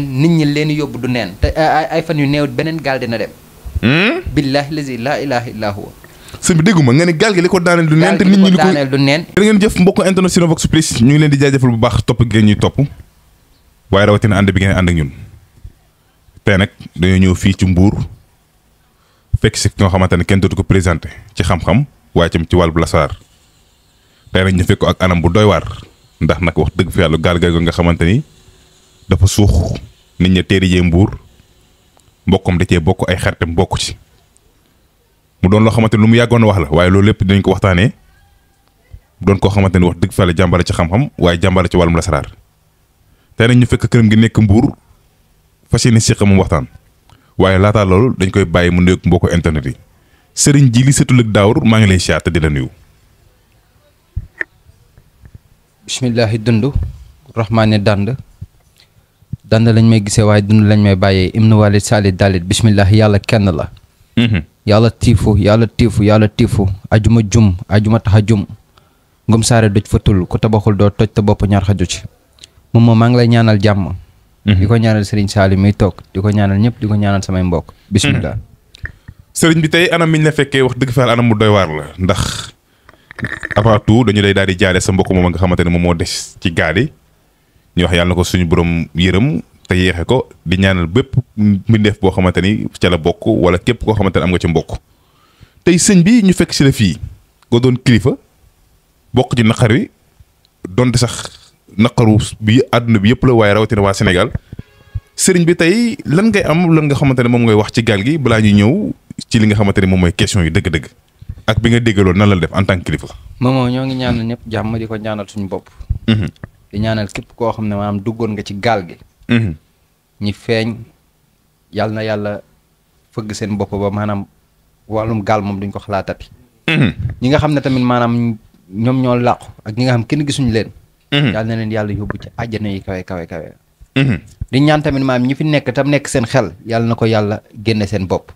nit ñi leen yóbbu du neen te ay fan yu néew beneen gaal dina dem. Hmm? billaahi lazi laa ilaaha illaa huwa. sëñ bi dégguma ne gaal gi li ko daaneel du neen te nit ñi li ko daaneel du neen. jërë ngeen jëf mbokk internet Cinevox Plus ñu ngi leen di jaajëfal bu baax topp gi ngeen ñuy topp waaye rawatina ànd bi ngeen ànd ak ñun tey nag dañoo ñëw fii ci Mbour fekk si ki nga xamante ne kenn dootu ko présenté ci xam-xam waaye mi ci wàllu lasaar tey nag ñu fekk ak anam bu doy waar ndax nag wax dëgg fi yàlla gaal ga nga xamante ni dafa suux nit ña téerijee mbuur mbokkam da cee bokk ay xaritam bokk ci mu doon loo xamante lu mu yàggoon wax la waaye loolu lépp dinañ ko waxtaanee doon koo xamante ni wax dëgg fa la jàmbale ci xam-xam waaye jàmbale ci wàllum lasaraar tey nag ñu fekk këram gi nekk mbuur fas yéene siqa mu waxtaan waaye laata loolu dañ koy bàyyi mu nekk mbokku internet yi sëriñ ji li sëtul daawur maa ngi lay siyaar di la nuyu. bismillahi dund rahmaani dànd dand lañ may gisee waaye dund lañ may bàyyee na walid saalit daalit bismillah yàlla kenn la mm-hmm. yàlla tiifu yàlla tiifu yàlla tiifu ajuma jum ajuma tax a jum ngum saare doj fa tul ku tabaxul doo toj te bopp ñaar xaju ci moom moom maa ngi lay ñaanal jàmm mm-hmm. di ko ñaanal sëriñ Saali muy toog di ko ñaanal ñëpp di ko ñaanal samay mbokk bismillah mm-hmm. sëriñ bi tey anam miñ la fekkee wax dëgg fa anam mu doy waar la ndax avant dañu lay daal di jaale sa mbokk moom nga xamante ne moom moo des ci gaal yàlla ko suñu borom yërëm te yéexe ko di ñaanal bépp mbindeef bo xamanteni ci la bokku wala képp ko xamanteni am nga ci mbokk tay señ bi ñu fekk ci la fi go doon kilifa bokku ci nakari doon sax nakaru bi aduna bi yépp la waaye rawatina wa Sénégal señ bi tay lan ngay am lan nga xamanteni mom ngay wax ci gal gi bla ñu ñëw ci li nga xamanteni mom moy question yu dëgg-dëgg ak bi nga déggaloon nan la def en tant que kilifa. ñoo ngi ñaanal ñëpp jamm di ko ñaanal suñu bopp. Mhm. di ñaanal képp koo xam ne maanaam nga ci gal gi. Mhm. ñi feeñ yàlla na yàlla fëgg seen bopp ba maanaam wàllum gaal moom duñ ko xalaatati. Mhm. ñi nga xam ne tamit maanaam ñoom ñoo làqu ak ñi nga xam kenn gisuñu leen. Mhm. yàlla na leen yàlla yóbbu ci àjjana yi kawe kawe kawe. Mhm. di ñaan tamit maam ñi fi nekk tam nekk seen xel yàlla na ko yàlla génne seen bopp.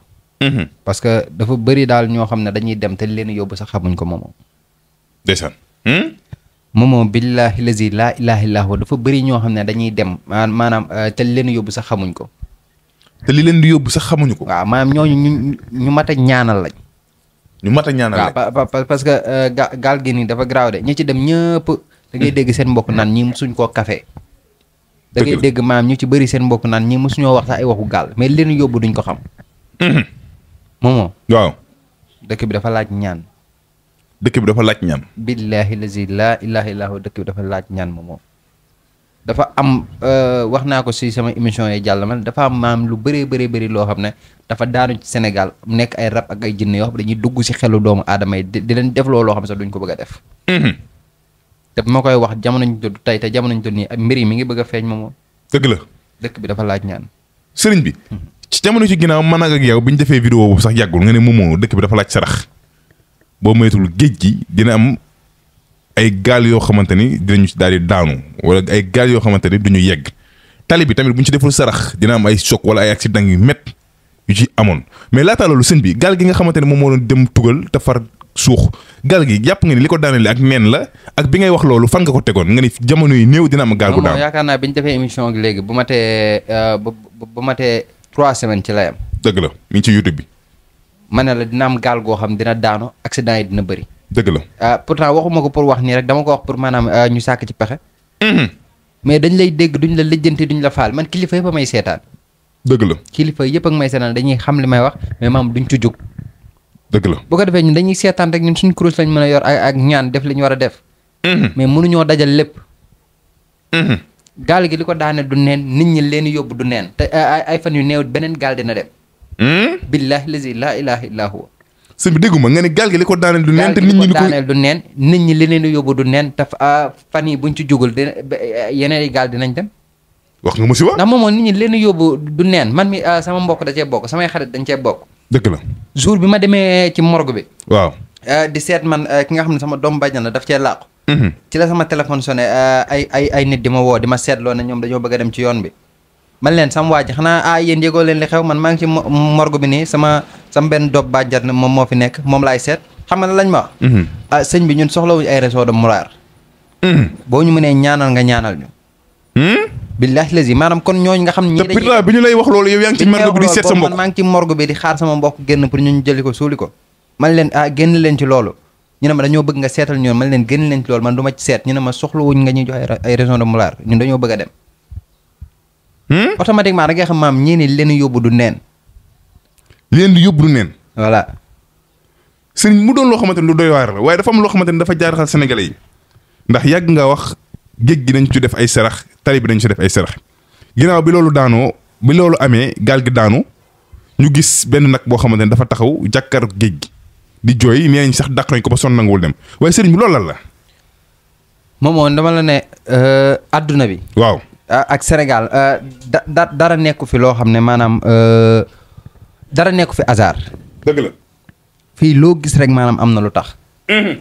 parce que dafa bëri daal ñoo xam ne dañuy dem te leen yóbbu sax xamuñ ko moom. ndeysaan. Hmm? moomoo billahi lazi laa ilaha illa huwa dafa bëri ñoo xam ne dañuy dem maanaam eh, te leen yóbbu sax xamuñ ko te li leen di yóbbu sax xamuñu ko waaw maanaam ñooñu ñu ñu mat a ñaanal lañ ñu mat a ñaanal waaw parce que eh, gaal gi nii dafa garaaw de ñi ci dem ñëpp da ngay dégg seen mbokk naan ñi suñ koo kafee da dégg maam ñu ci bari seen mbokk naan ñi musuñoo wax sax ay waxu gaal mais li leen yóbbu duñ ko xam mhm. moomoo waaw dëkk bi dafa laaj ñaan dëkk bi dafa laaj ñaan. billahi lazi laa ilaha illa hu dëkk bi dafa laaj ñaan moom moom. dafa am euh, wax naa ko si sama émission yi jàll man dafa am maam lu bëree bëri bëri loo xam ne dafa daanu ci Sénégal nekk ay rab ak ay jinne yoo dañuy dugg si xelu doomu aadama yi di leen def looloo xam sax duñ ko bëgg def. Mm-hmm. te bu koy wax jamono ñu tudd tey te jamono ñu tudd nii mbir yi mi ngi bëgg a feeñ moom. dëgg la. dëkk bi dafa laaj ñaan. sëriñ bi. Mm-hmm. ci jamono ma ginnaaw ak yow bi ñu defee vidéo boobu sax yàggul nga ne moom dëkk bi dafa laaj sarax boo moytuwul géej gi dina am ay gaal yoo xamante ni dinañu daal di daanu wala ay gaal yoo xamante ni duñu yegg tali bi tamit bu ñu ci deful sarax dina am ay choc wala ay accident yu métti yu ci amoon mais laataa loolu sëñ bi gaal gi nga xamante ne moom moo doon dem tugal te far suux gaal gi jàpp nga ni li ko daanale ak neen la ak bi ngay wax loolu fan nga ko tegoon nga ni jamono yi néew dina am gaal gu daan naa bi ñu defee émission gi léegi bu matee euh, bu matee trois semaines ci la yam dëgg bi ma ne la dina am gaal goo xam dina daano accident yi dina bëri. dëgg la euh, pourtant waxuma ko pour wax nii rek dama ko wax pour maanaam euh, ñu sàkk ci pexe. Mm-hmm. mais dañ lay dégg duñu la lijjanti duñu la faal man kilifa yëpp a may seetaan. dëgg la kilifa yëpp ak may seetaan dañuy xam li may wax mais maam duñ ci jóg. dëgg la bu ko defee ñun dañuy seetaan rek ñun suñ kurus lañ mën a yor ak ñaan def li ñu war a def. Mm-hmm. mais mënuñoo dajal lépp. Mm-hmm. gaal gi li ko daane du neen nit ñi leen yóbbu du neen te euh, ay fan yu néew beneen gaal dina dem. billaahi lazi laa ilaaha illaa huwa sëñ bi dégguma nga ne gaal gi li ko daaneel du neen te nit ñi li du neen nit ñi li leen di yóbbu du neen te ah, fan yi buñ ci jugul dina yeneen yi gaal dinañ dem wax nga mu si wax ndax moom moom nit ñi leen di yóbbu du neen man mi ah, sama mbokk da cee bokk sama xarit dañ cee bokk dëgg la jour bi ma demee ci morgue bi waaw ah, di seet man ki nga xam ne sama doom bàjjan na daf cee làqu mhm. ci la sama téléphone sonné ay ay ay nit di ma woo di ma seetloo na ñoom dañoo bëgg a dem ci yoon bi man leen sama waa ji xanaa ah yéen yëgoo leen li xew man maa ngi ci morgue bi nii sama sama benn dob bàjjat na moom moo fi nekk moom laay seet xam lañ ma mhm. ah bi ñun soxlawuñu ay réseau de muraar mhm. boo ñu mënee ñaanal nga ñaanal ñu hmm? billahi lazi ñooñu nga xam ne ñii dañuy wax loolu yow yaa ngi ci morgue bi di seet sa mbokk man maa ngi ci morgue bi di xaar sama mbokk génn pour ñu jëli ko suuli ko man leen ah génn leen ci loolu ñu ne ma dañoo bëgg nga seetal ñoon man leen génn leen ci loolu man du ci seet ñu ne ma soxlawuñ nga ñuy jox ay réseau de muraar ñun dañoo bëgg a dem automatiquement hmm? da ngay xam maam ñi ni leen yobbu du neen. leen di yobbu du neen. voilà. sëriñ mu doon lo xamanteni lu doy war la waye dafa am lo xamanteni dafa jaar xal Sénégalais yi ndax yag nga wax géej gi dañ ci def ay sarax tali bi dañ ci def ay sarax ginaaw bi lolu daano bi lolu amé gal gi daanu ñu gis benn nak boo xamanteni dafa taxaw jakkar gi di joy sax dakk nañ ko ba son nangul dem waye bi lolu la. momo dama la ne euh, aduna bi. waaw Euh, ak Sénégal euh, da dara nekku fi loo xam ne maanaam euh, dara nekku fi hasard. dëgg fii loo gis rek maanaam am na lu tax. Mhm.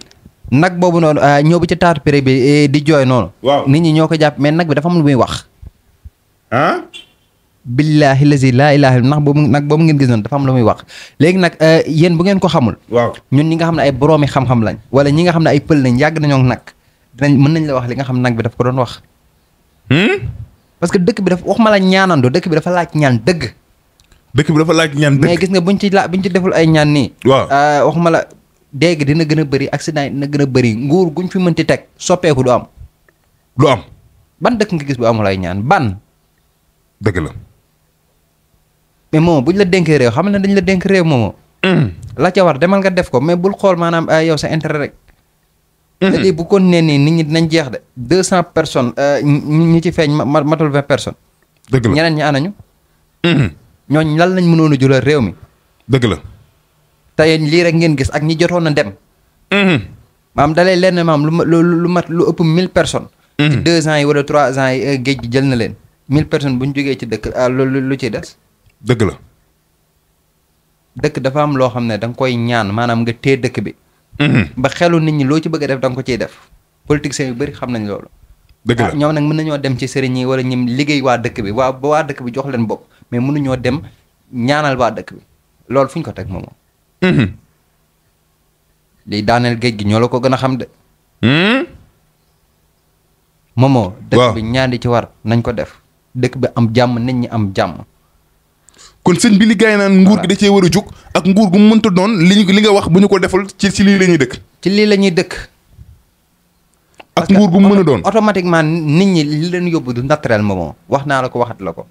nag boobu noonu ñëw bi ci taatu pere bi di jooy noonu. waaw nit ñi ñoo ko jàpp mais nag bi dafa am lu muy wax. ah. billaahi lazi laa ilaaha ndax boobu nag boobu ngeen gis noonu lu muy wax léegi nag yéen bu ngeen ko xamul. waaw ñun ñi nga xam ne ay boroomi xam-xam lañ. wala ñi nga xam ne ay pël nañ yàgg nañoo nag dinañ mën nañ la wax li nga xam nag bi daf ko doon wax. Hmm? parce que dëkk bi dafa waxuma la ñaanandoo dëkk bi dafa laaj ñaan dëgg. dëkk bi dafa laaj ñaan dëgg mais gis nga buñ ci la buñ ci deful ay ñaan nii. Euh, wax ma la dégg dina gën a bari accident yi dina gën a bari nguur guñ fi mënti teg soppeeku du am. du am. ban dëkk nga gis bu amul ay ñaan ban. dëgg la. mais moom buñ la denkee réew xam ne dañ la denk réew moomoo. Hmm. la ca war demal nga def ko mais bul xool maanaam euh, yow sa intérêt rek. te mmh. tey bu continué nii nit ñi dinañ jeex de deux cent personnes euh, ñi ci feeñ ma matul vingt personnes. dëgg la ñeneen ñi anañu. Mmh. ñooñ lan mënoon a réew mi. dëgg la. tey lii rek ngeen gis ak ñi jotoon a dem. Mmh. maam dalay lenn maam lu ma lu mat lu ëpp mille personnes. ci ans yi wala trois ans yi euh, géej gi jël na leen. mille personnes bu ñu jógee ci dëkk euh, lu lu ci des. dëgg la. dëkk dafa am loo xam ne danga koy ñaan maanaam nga tee dëkk bi. Mhm. ba xelu nit ñi loo ci bëgg a def da ko ciy def politiciens yu bëri xam nañ loolu dëgg la ah, ñoom nag mën nañoo dem ci sëriñ yi wala ñim liggéey waa dëkk bi waa ba waa dëkk bi jox leen bopp mais mënuñoo dem ñaanal waa dëkk bi loolu fu ñu ko teg moom lii mhm. daaneel géej gi ñoo la ko gën a xam de. moomoo. Hmm? dëkk bi ñaandi ci war nañ ko def. dëkk bi am jàmm nit ñi am jàmm. kon sëñ bi li gaay naan nguur gi da cee war a jóg ak nguur gu mu mënta doon li ñu nga wax bu ñu ko deful ci lii la dëkk. ci lii la ñuy dëkk. ak nguur gu mu mën doon automatiquement nit ñi li leen yóbbu du naturel moom wax naa la ko waxat la ko.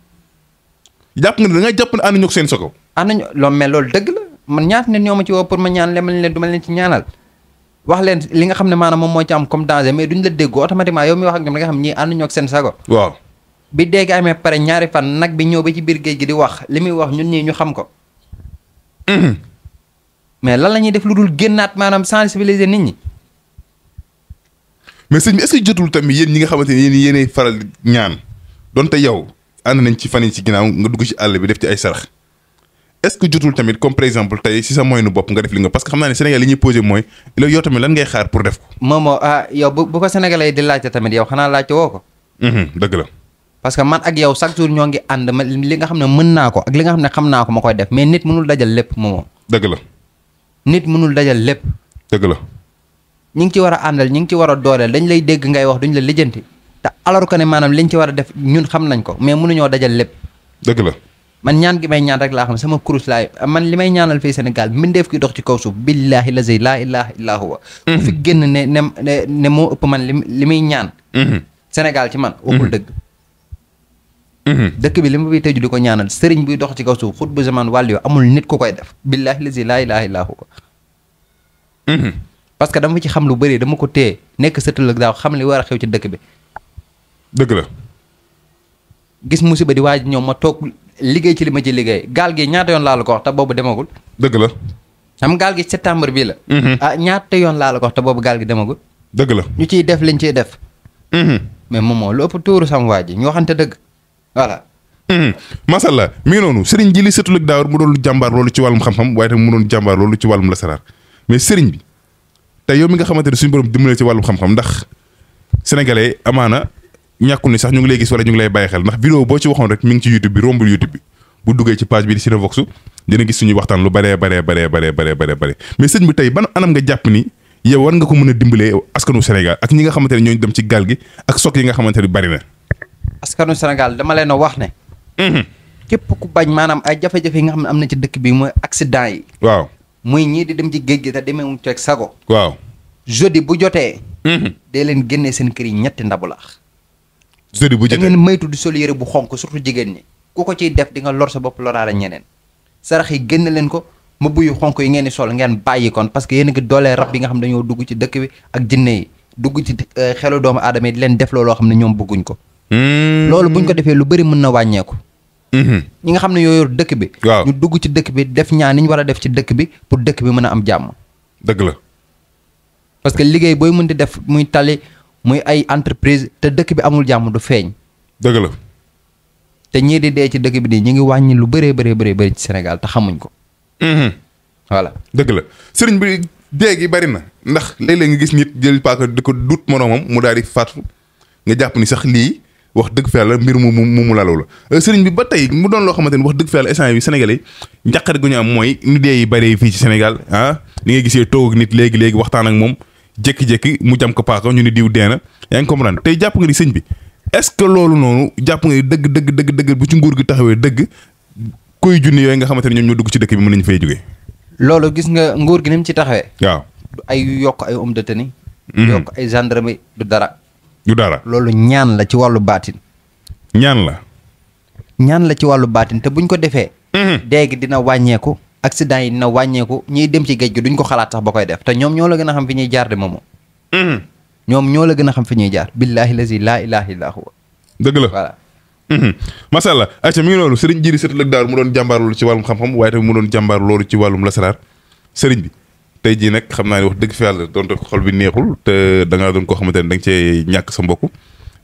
jàpp nga ne da ngay jàpp ne ànd ñoo seen sokow. ànd ñoo loolu mais loolu dëgg la man ñaata nit ñoo ma ci woo pour ma ñaan leen leen du ma leen ci ñaanal. wax leen li nga xam ne maanaam moom moo ci am comme danger mais duñ la déggoo bi dégg amee pare ñaari fan nag bi ñëw ba ci biir géej gi di wax li muy wax ñu ñii ñu xam ko. mais lan la ñuy def lu dul génnaat maanaam sensibiliser nit ñi. mais sëñ jotul tamit yéen ñi nga xamante ne yéen faral ñaan donte yow ànd nañ ci fan yi ci ginnaaw nga dugg ci àll bi def ci ay sarax. est-ce que jotul tamit si sa moyenne bopp nga def li nga parce que xam naa ne Sénégal li ñuy mooy loolu yow tamit lan ngay xaar pour def ko. moomoo ah yow bu bu ko sénégalais di laajte tamit yow xanaa laajte woo ko. Mhm, dëgg la. parce que man ak yow chaque jour ñoo ngi ànd ma li nga xam ne mën naa ko ak li nga xam ne xam naa ko ma koy def mais nit mënul dajal lépp moomoo. dëgg la. nit mënul dajal lépp. dëgg la. ñi ngi ci war a àndal ñi ngi ci war a dooleel dañ lay dégg ngay wax duñ la lijjanti te alors que ne maanaam liñ ci war a def ñun xam nañ ko mais mënuñoo dajal lépp. dëgg la. man ñaan gi may ñaan rek laa xam sama kurus laay man li may ñaanal fii Sénégal mbindeef ki dox ci kaw suuf billaahi lazi laa ilaaha illaa huwa ku mhm. fi génn ne ne ne moo ëpp man li li muy ñaan. Mhm. Sénégal ci man. waxul mhm. dëgg. Mhm. dëkk bi li ma fiy tëju di ko ñaanal sëriñ buy dox ci kaw suuf xut bu zaman wàll yoo amul nit ku koy def billaahi lazi laa ilaaha illaa huwa mhm. parce que dama ci xam lu bëri dama ko téye nekk sëtal ak daaw xam li war a xew ci dëkk bi dëgg la gis musiba di waaj ñoom ma toog liggéey ci li ma ci liggéey gaal gi ñaata yoon laal ko wax te boobu demagul dëgg la xam gaal gi septembre bii la mhm. ah ñaata yoon laa ko wax te boobu gaal gi demagul dëgg la ñu ciy def lañ ciy def mais moo lu ëpp tuuru sama waa ji ñu voilà. macha allah mi ngi noonu sëriñ ji li sëtul ak daawar mu doon jàmbaar loolu ci wàllum xam-xam waaye tamit mu doon jàmbaar loolu ci wàllum lasaraar mais sëriñ bi tey yow mi nga xamante ne suñu borom dimbale ci wàllum xam-xam ndax sénégalais amaana ñàkkul ni sax ñu ngi lay gis ñu ngi lay bàyyi xel ndax vidéo boo ci waxoon rek mi ngi ci bi rombul youtube bi bu duggee ci page bi di waxtaan lu baree baree baree baree baree baree baree mais sëriñ bi tey ban anam nga jàpp ni yow war nga ko mën a dimbalee askanu Sénégal ak ñi nga xamante ne ñooñu dem ci gaal gi ak sok yi nga xamante ne bari na askanu Sénégal dama leen a wax ne. Mhm. képp ku bañ maanaam ay jafe-jafe yi nga xam ne am na ci dëkk bi mooy accident yi. waaw muy ñii di dem ci géej gi te demee mu teg sago. waaw jeudi bu jotee. Mhm. dee leen génnee seen kër yi ñetti ndabu laax. jeudi bu jotee da ngeen di sol yére bu xonq surtout jigéen ñi. ku ko ciy def di nga lor sa bopp loraale ñeneen. sarax yi génn leen ko mbubb yu xonk yi ngeen di sol ngeen bàyyi kon parce que yéen a ngi doolee rab yi nga xam ne dañoo dugg ci dëkk bi ak jinne yi dugg euh, xelu doomu aadama di leen def looloo xam ne ñoom bëgguñ ko Hmm. lo buñ ko defé lu bari mëna na hmm ñi nga xamné ne dëkk bi. ñu dugg ci dëkk bi def ñaan ni ñu def ci dëkk bi pour dëkk bi mëna am jamm dëgg la. parce que liggéey boy mënd def muy talé muy ay entreprise te dëkk bi amul jamm du feeñ. dëgg la. te ñi di dé ci dëkk bi nii ñi ngi wàññi lu beri beri bëri ci Sénégal te xamuñ ko. Mhm. voilà dëgg la sëriñ bi dee gi bari na ndax léeg-léeg nga gis nit jël pa di ko dut moroomam mu daali fatu nga japp ni sax li wax dëgg fa mbir mu mu mu lalu la euh, sëriñ bi ba tey mu doon loo xamante wax dëgg fa yàlla instant bi sénégalais yi njàqare ñu am mooy ni dee yi bëree fii ci Sénégal ah li ngay gisee toog ak nit léegi-léegi waxtaan ak moom jékki mu jam ko paaka ñu ni diw dee na yaa ngi tey jàpp nga ni sëñ bi est-ce que loolu noonu jàpp nga dëgg dëgg dëgg bu ci nguur gi taxawee dëgg koy junni yooyu nga xamante ne ñoom ñoo dugg ci dëkk bi mën nañu fay jógee loolu gis nga nguur gi ni mu ci taxawee waaw ay yokk ay homme de tenue mm-hmm. yokk ay gendarme du dara du dara loolu ñaan la ci wàllu baatin. ñaan la. ñaan la ci wàllu baatin te buñ ko defee. Mhm. dee gi dina wàññeeku. accident yi dina wàññeeku ñiy dem ci géej gi duñ ko xalaat sax ba koy def te ñoom ñoo la gën a xam fi ñuy jaar de mhm. ñoom ñoo la gën a xam fi ñuy jaar. billaahi lazi laa ilaaha illaa huwa. dëgg la voilà. Mhm. macha allah ayca mi ngi loolu sëriñ Jili Sët Lëg Daaru mu doon jàmbaar loolu ci wàllum xam-xam waaye tamit mu doon jàmbaar loolu ci wàllum lasaraar sëriñ bi. tey jii nag xam wax deug fi yàlla donte xol bi neexul te da nga don ko xamante dang ci ñak sa mbokk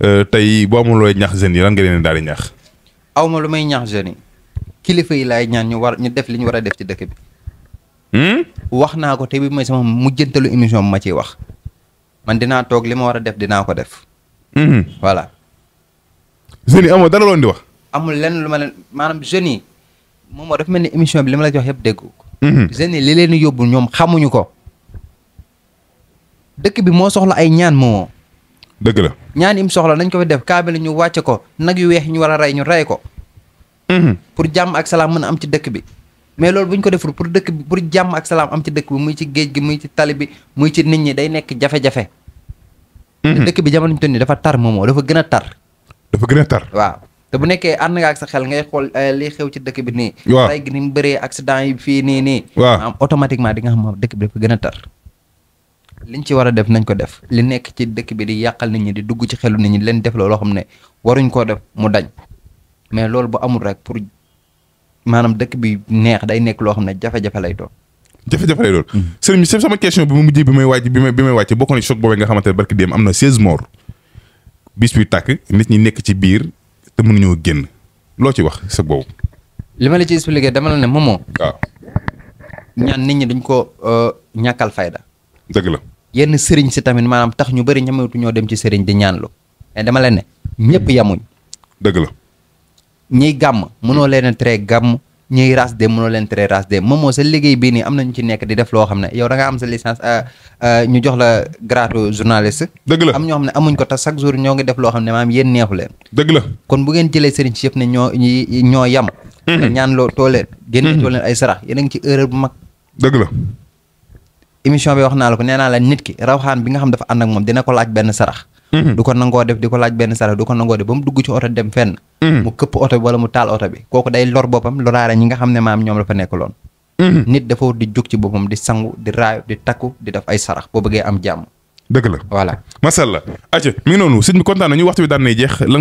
euh, tay bo amul loy ñax jeune yi lan nga leen daal di ñax awma lu may ñax jeune yi kilifa yi lay ñaan ñu war ñu def li ñu def ci dekk bi. Hmm? wax naa ko tay bi may sama mujjentelu émission ma ci wax man dina tok li ma war def dina ko def. Hmm. voilà. jeune yi amoo dara lo ndi wax. amul len lu ma len manam jeune yi mo moo dafa mel émission bi li la jox yeb deggu jeunes mhm. yi li leen yóbbu ñoom xamuñu ko. dëkk bi moo soxla ay ñaan moomoo. dëgg la ñaan im soxla nañ ko fi def kaabel ñu wàcce ko nag yu weex ñu war a rey ñu rey ko. Mhm. pour jàmm ak salaam mën a am ci dëkk bi. mais loolu bu ñu ko deful pour dëkk bi pour jàmm ak salaam am ci dëkk bi muy ci géej gi muy ci tali bi muy ci nit ñi day nekk jafe-jafe. Mhm. dëkk bi jamono ñu dafa tar moomoo dafa gën a tar. dafa gën a tar waaw. te bu nekkee ànd nga ak sa xel ngay xool eh, li xew ci dëkk bi nii. waaw tey gi ni mu bëree accident yi fii nii nii. waaw am automatiquement di nga xam dëkk bi dafa gën a tar. liñ ci war a def nañ ko def li nekk ci dëkk bi di yàqal nit ñu di dugg ci xelu ni ñi leen def loo xam ne waruñ koo def mu dañ mais loolu bu amul rek pour maanaam dëkk bi neex day nekk loo xam ne jafe-jafe lay doon. jafe-jafe lay doon. Mm. sëriñ bi sama question bi mu mujjee bi may wàcc bi may bi may wàcc bokk na ci boobee nga xamante ne barki démb am na 16 morts bis bi nit ñi nekk ci biir te mënuñoo loo ci wax sa boobu. li ma la ci expliqué dama la ne moomoo. waaw. ñaan nit ñi dañ ko euh, ñàkkal fayda. dëgg la. yenn sëriñ si tamit maanaam tax ñu bari ñamatu ñoo dem ci sëriñ di ñaanlu mais dama leen ne ñëpp yamuñ. dëgg la. ñiy gàmm mënoo leen tere gàmm ñuy race de mënoo leen tere race de moom moo sa liggéey bii nii am nañu ci nekk di def loo xam ne yow da nga am sa licence euh, euh, ñu jox la gratu journaliste. dëgg la am ñoo xam ne amuñ ko te chaque jour ñoo ngi def loo xam ne maam yéen neexu leen. dëgg la kon bu ngeen jëlee sëriñ si yëpp ne ñoo ñoo yam. Mhm. ñaan loo tooleen. génne mhm. tooleen ay sarax yéen a ngi ci erreur bu mag. dëgg la. émission bi wax naa la ko nee naa la nit ki rawxaan bi nga xam dafa ànd ak moom dina ko laaj benn sarax. Mhm. du ko nangoo def di ko laaj benn sarax du ko nangoo def ba mu dugg ci oto dem fenn Mm-hmm. mu këpp oto bi wala mu taal oto bi kooku day lor boppam loraare ñi nga xam ne maam ñoom la fa nekk loon mm-hmm. nit dafa war di jóg ci boppam di sangu di raayu di takku di def ay sarax boo bëggee am jàmm dëgg la voilà macha allah a mi ngi noonu sëñ bi kontaan nañu waxtu bi daan nay jeex di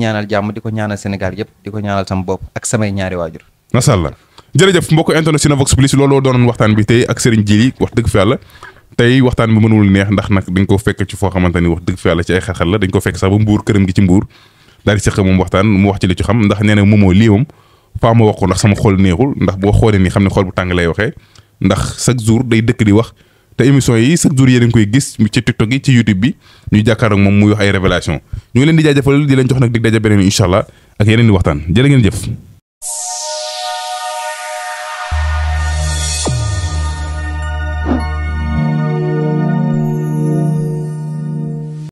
ñaanal jàmm di ko yëpp di ko ñaanal sama bopp ak samay ñaari waajur macha looloo doonoon waxtaan bi tey ak Serigne Djily wax dëgg fa yàlla tey waxtaan bi mënul neex ndax nag dañ ko fekk ci foo xamante ni wax dëgg fa yàlla ci ay xarxar la dañ ko fekk sax ba mbuur këram gi daal di seq moom waxtaan mu wax ci li ci xam ndax nee na moomoo lii moom faa ma wax ko ndax sama xool neexul ndax boo xoolee ni xam ne xol bu tàng lay waxee ndax chaque jour day dëkk di wax te émission yi chaque jour yéen koy gis ci TikTok yi ci YouTube bi ñu jàkkaarloog moom muy wax ay révélation ñu ngi leen di jaajëfal di leen jox nag dig daje beneen incha allah ak yeneen di waxtaan jërë ngeen jëf